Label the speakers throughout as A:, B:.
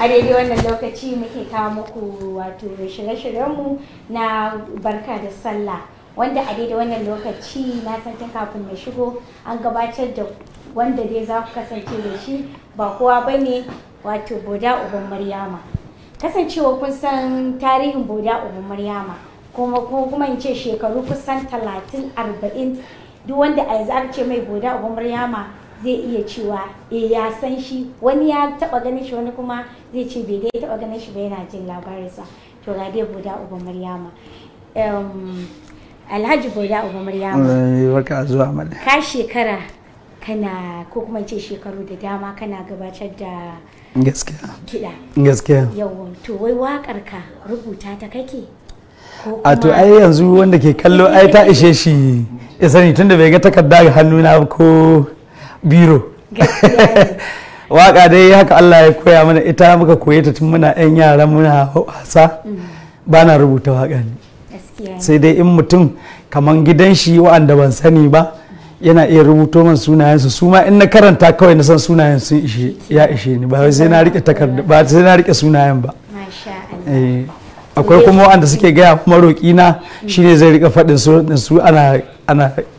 A: a daidai wannan lokaci muke kawo muku wato shirye-shiryenmu na barka da sallah wanda a daidai wannan lokaci na san ta kafin na shigo an gabatar da wanda dai za ku kasance da shi ba kowa ba ne wato boda uban maryama kasancewa kun san tarihin boda uban maryama kuma kuma in ce shekaru kusan talatin arba'in duk wanda a yanzu ce mai boda uban maryama zai iya cewa e ya san shi wani ya taba ganin shi wani kuma zai ce bai dai taba ganin shi ba yana jin labarinsa to ga dai boda uba maryama alhaji boda uba maryama
B: eh,
A: ka shekara kana ko kuma ce shekaru da dama kana gabatar da
B: gaskiya gaskiya
A: yawon to wai wakar ka rubuta ta kake a to ai yanzu
B: wanda ke kallo ai ta ishe shi ya sani tunda bai ga takarda ga na ko biro waka dai haka Allah ya koya mana ita muka koye ta tun muna yan yaran muna wasa mm. ba na rubuta waka ne sai dai in mutum kamar gidan shi wa'anda ban sani ba yana iya rubuto man sunayensu su ma in na karanta kawai na san sunayen sun ishe ya ishe ni ba sai na rike takarda ba sai na rike sunayen ba eh, akwai kuma wa'anda suke gaya kuma roƙi na mm. shine zai rika faɗin su ana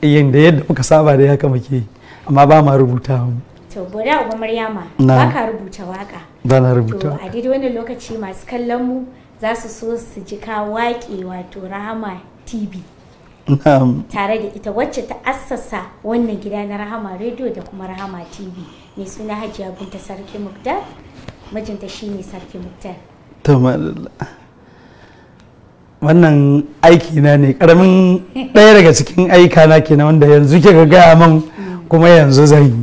B: yin da yadda muka saba da haka muke yi amma ba ma rubuta mu
A: to a uba maryama ba ka rubuta waka ba na rubuta to a daidai wannan lokaci masu kallon mu za su so su ji ka waƙe wato rahama tv tare da ita wacce ta assasa wannan gida na rahama radio da kuma rahama tv mai suna hajiya binta sarki muktar mijinta shine sarki muktar
B: wannan aiki na ne karamin ɗaya daga cikin aika na kenan wanda yanzu ke ga gaya min kuma yanzu zan yi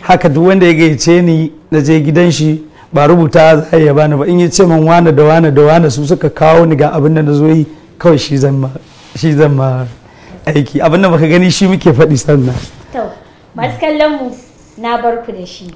B: haka duk wanda ya gayyace ni na je gidan shi ba rubuta za a iya bani ba in ya ce man wane da wane da wane su suka kawo ni ga abin da na zo yi kawai shi zan ma shi zan ma aiki abin da baka gani shi muke faɗi sannan
A: to masu kallon mu na barku da shi